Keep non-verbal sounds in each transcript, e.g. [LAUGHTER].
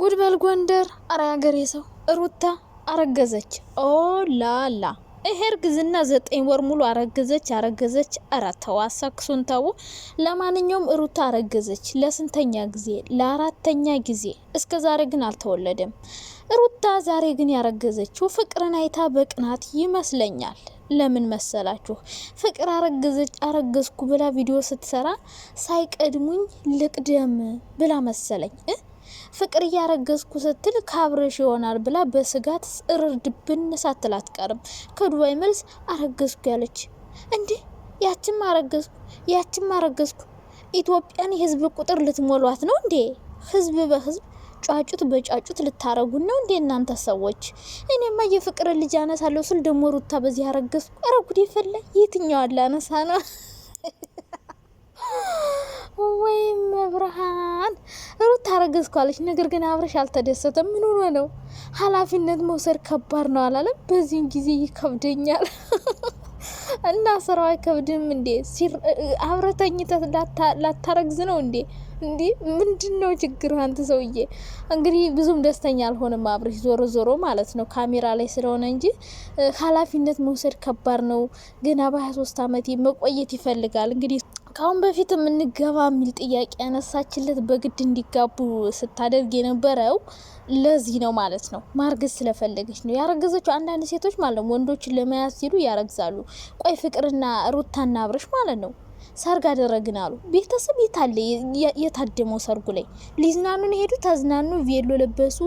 ጉድ በል ጎንደር! አረ ያገሬ ሰው ሩታ አረገዘች። ኦ ላላ ይሄ እርግዝና ዘጠኝ ወር ሙሉ አረገዘች አረገዘች። አረ ተው አሳክሱን ተው። ለማንኛውም ሩታ አረገዘች። ለስንተኛ ጊዜ? ለአራተኛ ጊዜ። እስከ ዛሬ ግን አልተወለደም። ሩታ ዛሬ ግን ያረገዘችው ፍቅርን አይታ በቅናት ይመስለኛል። ለምን መሰላችሁ? ፍቅር አረገዘች አረገዝኩ ብላ ቪዲዮ ስትሰራ ሳይቀድሙኝ ልቅደም ብላ መሰለኝ ፍቅር እያረገዝኩ ስትል ካብርሽ ይሆናል ብላ በስጋት ጽርር ድብን ሳትል አትቀርም። ከዱባይ መልስ አረገዝኩ ያለች እንዲህ ያችም አረገዝኩ ያችም አረገዝኩ። ኢትዮጵያን የህዝብ ቁጥር ልትሞሏት ነው እንዴ? ህዝብ በህዝብ ጫጩት በጫጩት ልታረጉን ነው እንዴ እናንተ ሰዎች? እኔማ የፍቅር ልጅ አነሳለሁ ስል ደሞ ሩታ በዚህ አረገዝኩ። ኧረ ጉዴ ፈላ! የትኛዋን ላነሳ ነው? ወይም ብርሃን ሩታ ታረገዝኳለች ነገር ግን አብረሽ አልተደሰተም። ምን ሆኖ ነው? ኃላፊነት መውሰድ ከባድ ነው አላለም? በዚህም ጊዜ ይከብደኛል [LAUGHS] እና ስራው አይከብድም እንዴ? አብረህ ላታረግዝ ነው እንዴ? እንዲህ ምንድን ነው ችግር? አንተ ሰውዬ እንግዲህ ብዙም ደስተኛ አልሆነም አብርሽ። ዞሮ ዞሮ ማለት ነው ካሜራ ላይ ስለሆነ እንጂ ኃላፊነት መውሰድ ከባድ ነው። ገና በሀያ ሶስት አመት መቆየት ይፈልጋል እንግዲህ ከአሁን በፊት የምንገባ የሚል ጥያቄ ያነሳችለት በግድ እንዲጋቡ ስታደርግ የነበረው ለዚህ ነው ማለት ነው። ማርገዝ ስለፈለገች ነው ያረገዘችው። አንዳንድ ሴቶች ማለት ነው ወንዶችን ለመያዝ ሲሉ ያረግዛሉ። ቆይ ፍቅርና ሩታና አብርሽ ማለት ነው ሰርግ አደረግን አሉ። ቤተሰብ የታለ የታደመው ሰርጉ ላይ ሊዝናኑን ሄዱ፣ ተዝናኑ፣ ቬሎ ለበሱ፣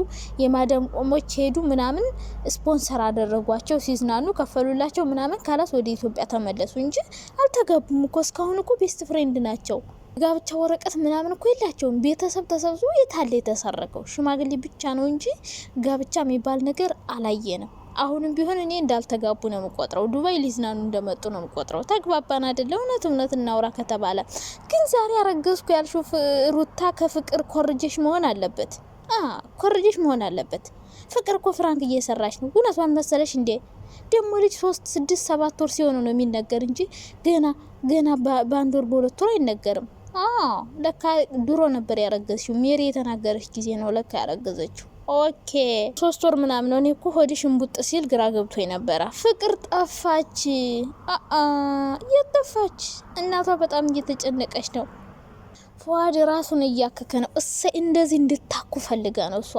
የማደም ቆሞች ሄዱ ምናምን ስፖንሰር አደረጓቸው፣ ሲዝናኑ ከፈሉላቸው ምናምን። ካላስ ወደ ኢትዮጵያ ተመለሱ እንጂ አልተጋቡም እኮ እስካሁን እኮ ቤስት ፍሬንድ ናቸው። ጋብቻ ወረቀት ምናምን እኮ የላቸውም። ቤተሰብ ተሰብስቦ የታለ የተሰረገው ሽማግሌ ብቻ ነው እንጂ ጋብቻ የሚባል ነገር አላየንም። አሁንም ቢሆን እኔ እንዳልተጋቡ ነው የምቆጥረው። ዱባይ ሊዝናኑ እንደመጡ ነው የምቆጥረው። ተግባባን አይደለ? እውነት እውነት እናውራ ከተባለ ግን ዛሬ ያረገዝኩ ያልሽው ሩታ ከፍቅር ኮርጀሽ መሆን አለበት። ኮርጀሽ መሆን አለበት። ፍቅር እኮ ፍራንክ እየሰራች ነው። እውነቷን መሰለሽ እንዴ? ደግሞ ልጅ ሶስት ስድስት ሰባት ወር ሲሆኑ ነው የሚነገር እንጂ ገና ገና በአንድ ወር በሁለት ወር አይነገርም። ለካ ድሮ ነበር ያረገዝሽው። ሜሪ የተናገረች ጊዜ ነው ለካ ያረገዘችው። ኦኬ ሶስት ወር ምናምን ነው። እኔ እኮ ሆድሽ እንቡጥ ሲል ግራ ገብቶ ነበረ። ፍቅር ጠፋች። አአ የት ጠፋች? እናቷ በጣም እየተጨነቀች ነው። ፏድ ራሱን እያከከ ነው። እሰ እንደዚህ እንድታኩ ፈልጋ ነው እሷ።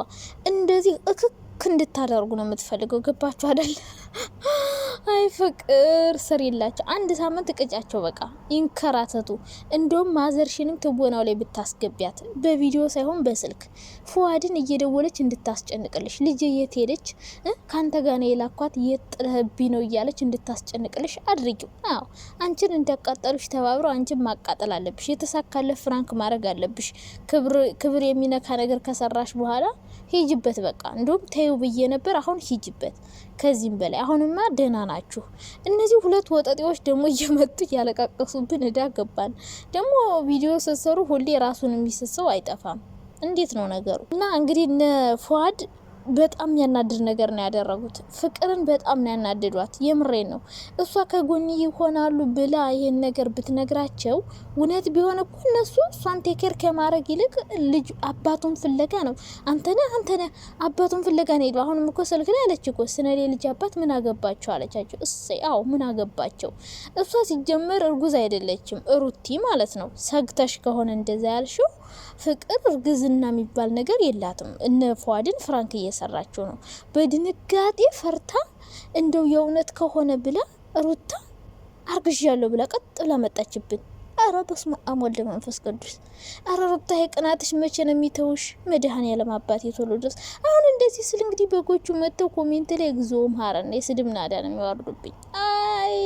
እንደዚህ እክክ እንድታደርጉ ነው የምትፈልገው። ገባችሁ አደለ? [GASPS] አይ ፍቅር ስር የላቸው። አንድ ሳምንት ቅጫቸው፣ በቃ ይንከራተቱ። እንደውም ማዘርሽንም ትቦናው ላይ ብታስገቢያት በቪዲዮ ሳይሆን በስልክ ፉዋድን እየደወለች እንድታስጨንቅልሽ ልጅ የት ሄደች ከአንተ ጋር ነው የላኳት የት ነው እያለች እንድታስጨንቅልሽ አድርጊው። አዎ አንቺን እንዲያቃጠሉሽ ተባብረው አንቺን ማቃጠል አለብሽ። የተሳካለ ፍራንክ ማድረግ አለብሽ። ክብር የሚነካ ነገር ከሰራሽ በኋላ ሂጅበት። በቃ እንዲሁም ተይው ብዬ ነበር፣ አሁን ሂጅበት ከዚህም በላይ ላይ አሁንማ ደህና ናችሁ። እነዚህ ሁለት ወጠጤዎች ደግሞ [LAUGHS] እየመጡ እያለቃቀሱብን እዳ ገባን። ደግሞ ቪዲዮ ስትሰሩ ሁሌ ራሱን የሚሰሰው አይጠፋም። እንዴት ነው ነገሩ? እና እንግዲህ እነ ፏድ በጣም ያናድድ ነገር ነው ያደረጉት። ፍቅርን በጣም ነው ያናድዷት። የምሬ ነው። እሷ ከጎን ይሆናሉ ብላ ይሄን ነገር ብትነግራቸው እውነት ቢሆን እኮ እነሱ እሷን ቴኬር ከማድረግ ይልቅ ልጅ አባቱን ፍለጋ ነው አንተነ አንተነ አባቱን ፍለጋ ነው ሄዱ። አሁንም እኮ ስልክ ላይ አለች እኮ ስነሌ ልጅ አባት ምን አገባቸው አለቻቸው። እሰይ አዎ ምን አገባቸው። እሷ ሲጀመር እርጉዝ አይደለችም ሩቲ ማለት ነው። ሰግተሽ ከሆነ እንደዛ ያልሽው ፍቅር እርግዝና የሚባል ነገር የላትም። እነ ፏድን ፍራንክ እየሰራችው ነው። በድንጋጤ ፈርታ እንደው የእውነት ከሆነ ብላ ሩታ አርግዣለሁ ብላ ቀጥ ብላ መጣችብን። አረ በስመ አብ ወልደ መንፈስ ቅዱስ። አረ ሩታ የቅናትሽ መቼ ነው የሚተውሽ? መድኃኔዓለም አባቴ ቶሎ ድረስ። አሁን እንደዚህ ስል እንግዲህ በጎቹ መጥተው ኮሜንት ላይ እግዚኦ መሐረነ የስድብ ናዳ ነው የሚዋርዱብኝ። አይ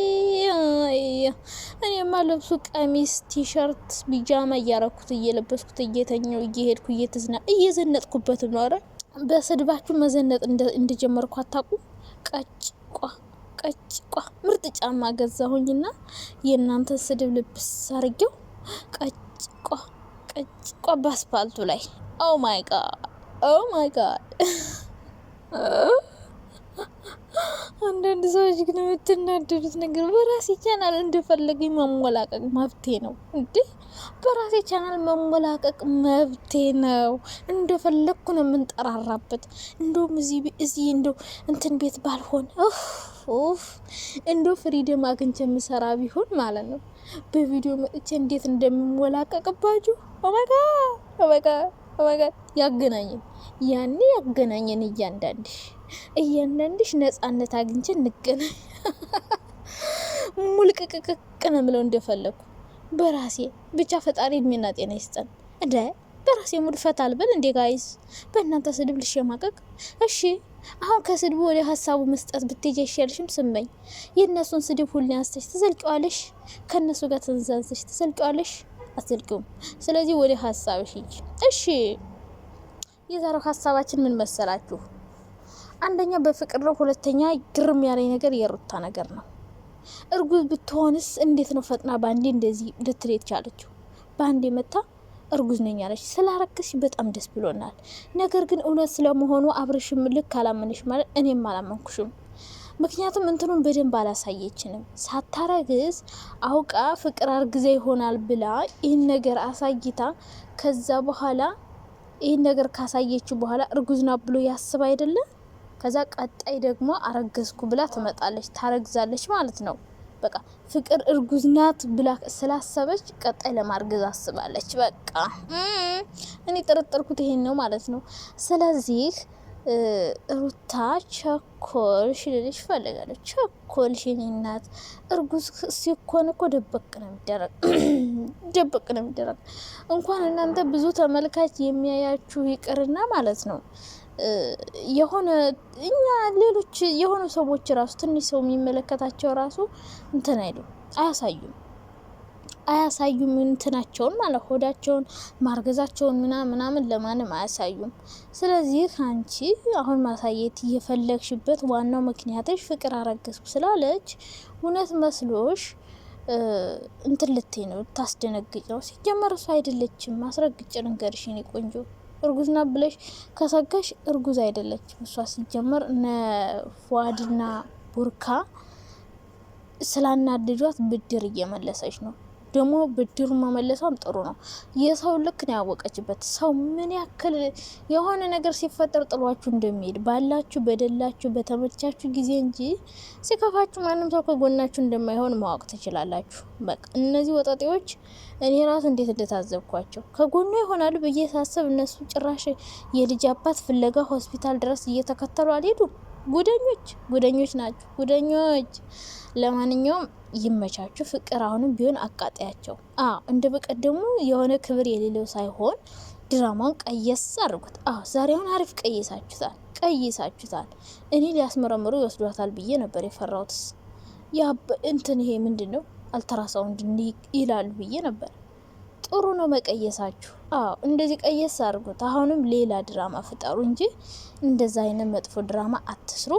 እኔማ ልብሱ ቀሚስ፣ ቲሸርት፣ ቢጃማ እያረኩት እየለበስኩት እየተኛው እየሄድኩ እየተዝና እየዘነጥኩበትም ነው። አረ በስድባችሁ መዘነጥ እንደጀመርኩ አታቁ ቀጭቋ ቀጭቋ ምርጥ ጫማ ገዛሁኝና የእናንተ ስድብ ልብስ አርጌው ቀጭቋ ቀጭቋ በአስፓልቱ ላይ ኦ ማይ ጋድ ኦ ማይ ጋድ አንዳንድ ሰዎች ግን የምትናደዱት ነገር በራሴ ቻናል እንደፈለገኝ መሞላቀቅ መብቴ ነው እንዴ! በራሴ ቻናል መሞላቀቅ መብቴ ነው። እንደፈለግኩ ነው የምንጠራራበት። እንደውም እዚህ እዚህ እንደው እንትን ቤት ባልሆን ኡፍ እንደው ፍሪደም አግኝቼ የምሰራ ቢሆን ማለት ነው። በቪዲዮ መጥቼ እንዴት እንደምሞላቀቅባችሁ ኦመጋ ኦመጋ ኦመጋ ያገናኘን ያኔ ያገናኘን እያንዳንድ እያንዳንድሽ ነጻነት አግኝቼ እንገናኝ። ሙልቅቅቅቅ ነው ምለው እንደፈለግኩ በራሴ ብቻ። ፈጣሪ እድሜና ጤና ይስጠን። እንደ በራሴ ሙድ ፈታ አልበል እንዴ ጋይስ፣ በእናንተ ስድብ ልሸማቀቅ። እሺ አሁን ከስድቡ ወደ ሀሳቡ መስጠት ብትሄጂ አይሻልሽም? ስመኝ የእነሱን ስድብ ሁሌ አንስተሽ ትዘልቂዋለሽ፣ ከእነሱ ጋር ተንዛንሰሽ ትዘልቂዋለሽ። አትዘልቂውም። ስለዚህ ወደ ሀሳብሽ ሂጂ። እሺ የዛሬው ሀሳባችን ምን መሰላችሁ? አንደኛ በፍቅር ነው። ሁለተኛ ግርም ያለኝ ነገር የሩታ ነገር ነው። እርጉዝ ብትሆንስ እንዴት ነው ፈጥና በአንዴ እንደዚህ ልትሬት ቻለችው? በአንዴ መታ እርጉዝ ነኝ ያለች ስላረክሽ በጣም ደስ ብሎናል። ነገር ግን እውነት ስለመሆኑ አብርሽም ልክ አላመንሽ ማለት እኔም አላመንኩሽም። ምክንያቱም እንትኑን በደንብ አላሳየችንም። ሳታረግዝ አውቃ ፍቅር አርግዛ ይሆናል ብላ ይህን ነገር አሳይታ ከዛ በኋላ ይህን ነገር ካሳየችው በኋላ እርጉዝና ብሎ ያስብ አይደለም ከዛ ቀጣይ ደግሞ አረገዝኩ ብላ ትመጣለች፣ ታረግዛለች ማለት ነው። በቃ ፍቅር እርጉዝናት ብላ ስላሰበች ቀጣይ ለማርገዝ አስባለች። በቃ እኔ ጠረጠርኩት ይሄን ነው ማለት ነው። ስለዚህ ሩታ ቸኮልሽ ልልሽ እፈልጋለሁ። ቸኮልሽ የኔ እናት፣ እርጉዝ ሲኮን እኮ ደበቅ ነው የሚደረግ [CLEARS THROAT] ደበቅ ነው የሚደረግ። እንኳን እናንተ ብዙ ተመልካች የሚያያችሁ ይቅርና ማለት ነው የሆነ እኛ ሌሎች የሆኑ ሰዎች ራሱ ትንሽ ሰው የሚመለከታቸው ራሱ እንትን አይሉ አያሳዩም አያሳዩም እንትናቸውን ማለት ሆዳቸውን ማርገዛቸውን ምና ምናምን ለማንም አያሳዩም። ስለዚህ አንቺ አሁን ማሳየት እየፈለግሽበት ዋናው ምክንያትሽ ፍቅር አረገዝኩ ስላለች እውነት መስሎሽ እንትን ልትይ ነው፣ ልታስደነግጭ ነው። ሲጀመር እሱ አይደለችም። አስረግጬ ልንገርሽ የኔ ቆንጆ እርጉዝ ናት ብለሽ ከሰጋሽ እርጉዝ አይደለችም እሷ። ሲጀመር እነ ፏድና ቡርካ ስላናድጇት ብድር እየመለሰች ነው። ደግሞ ብድሩ መመለሷም ጥሩ ነው። የሰው ልክ ነው ያወቀችበት። ሰው ምን ያክል የሆነ ነገር ሲፈጠር ጥሏችሁ እንደሚሄድ ባላችሁ፣ በደላችሁ፣ በተመቻችሁ ጊዜ እንጂ ሲከፋችሁ ማንም ሰው ከጎናችሁ እንደማይሆን ማወቅ ትችላላችሁ። በቃ እነዚህ ወጣጤዎች እኔ ራሱ እንዴት እንደታዘብኳቸው ከጎኑ ይሆናሉ ብዬ ሳስብ እነሱ ጭራሽ የልጅ አባት ፍለጋ ሆስፒታል ድረስ እየተከተሉ አልሄዱም። ጉደኞች ጉደኞች ናቸው ጉደኞች። ለማንኛውም ይመቻችሁ። ፍቅር አሁንም ቢሆን አቃጣያቸው። አዎ እንደ በቀደሙ የሆነ ክብር የሌለው ሳይሆን ድራማውን ቀየስ አድርጉት። አዎ ዛሬ አሁን አሪፍ ቀይሳችሁታል፣ ቀይሳችሁታል። እኔ ሊያስመረምሩ ይወስዷታል ብዬ ነበር የፈራሁትስ። ያ እንትን ይሄ ምንድን ነው አልተራሳውንድ ይላሉ ብዬ ነበር ጥሩ ነው መቀየሳችሁ። አዎ እንደዚህ ቀየስ አድርጉት። አሁንም ሌላ ድራማ ፍጠሩ እንጂ እንደዛ አይነት መጥፎ ድራማ አትስሩ።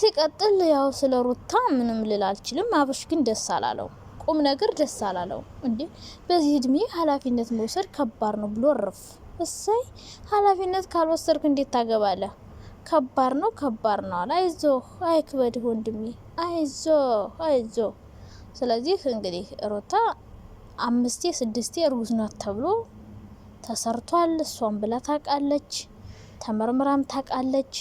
ሲቀጥል ያው ስለ ሩታ ምንም ልል አልችልም። አብርሽ ግን ደስ አላለው፣ ቁም ነገር ደስ አላለው። እንዴ በዚህ እድሜ ኃላፊነት መውሰድ ከባድ ነው ብሎ እርፍ። እሰይ ኃላፊነት ካልወሰድክ እንዴት ታገባለህ? ከባድ ነው ከባድ ነው አለ። አይዞ አይክበድህ ወንድሜ፣ አይዞ አይዞ። ስለዚህ እንግዲህ ሩታ አምስቴ ስድስቴ እርጉዝ ናት ተብሎ ተሰርቷል። እሷም ብላ ታውቃለች፣ ተመርምራም ታውቃለች።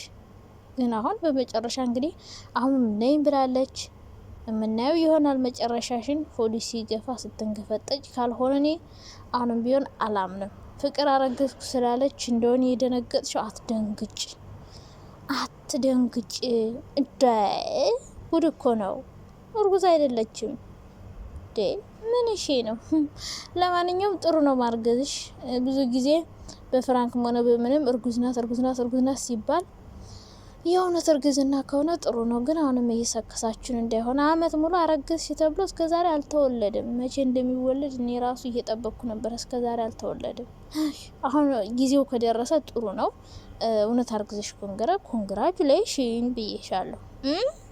ግን አሁን በመጨረሻ እንግዲህ አሁን ነይም ብላለች። የምናየው ይሆናል መጨረሻሽን። ፖሊሲ ገፋ ስትንገፈጠጭ ካልሆነ እኔ አሁንም ቢሆን አላምንም። ፍቅር አረገዝኩ ስላለች እንደሆነ የደነገጥሽው፣ አትደንግጭ፣ አትደንግጭ። እዳ ጉድ እኮ ነው። እርጉዝ አይደለችም። ምን እሺ ነው። ለማንኛውም ጥሩ ነው ማርገዝሽ። ብዙ ጊዜ በፍራንክም ሆነ በምንም እርጉዝናት እርጉዝናት እርጉዝናት ሲባል የእውነት እርግዝና ከሆነ ጥሩ ነው። ግን አሁንም እየሰከሳችሁን እንዳይሆነ አመት ሙሉ አረገዝሽ ተብሎ እስከዛሬ አልተወለደም መቼ እንደሚወለድ እኔ ራሱ እየጠበቅኩ ነበር። እስከዛሬ አልተወለደም። አሁን ጊዜው ከደረሰ ጥሩ ነው። እውነት አርግዝሽ ኮንግራ ኮንግራጁሌሽን ብዬሻለሁ።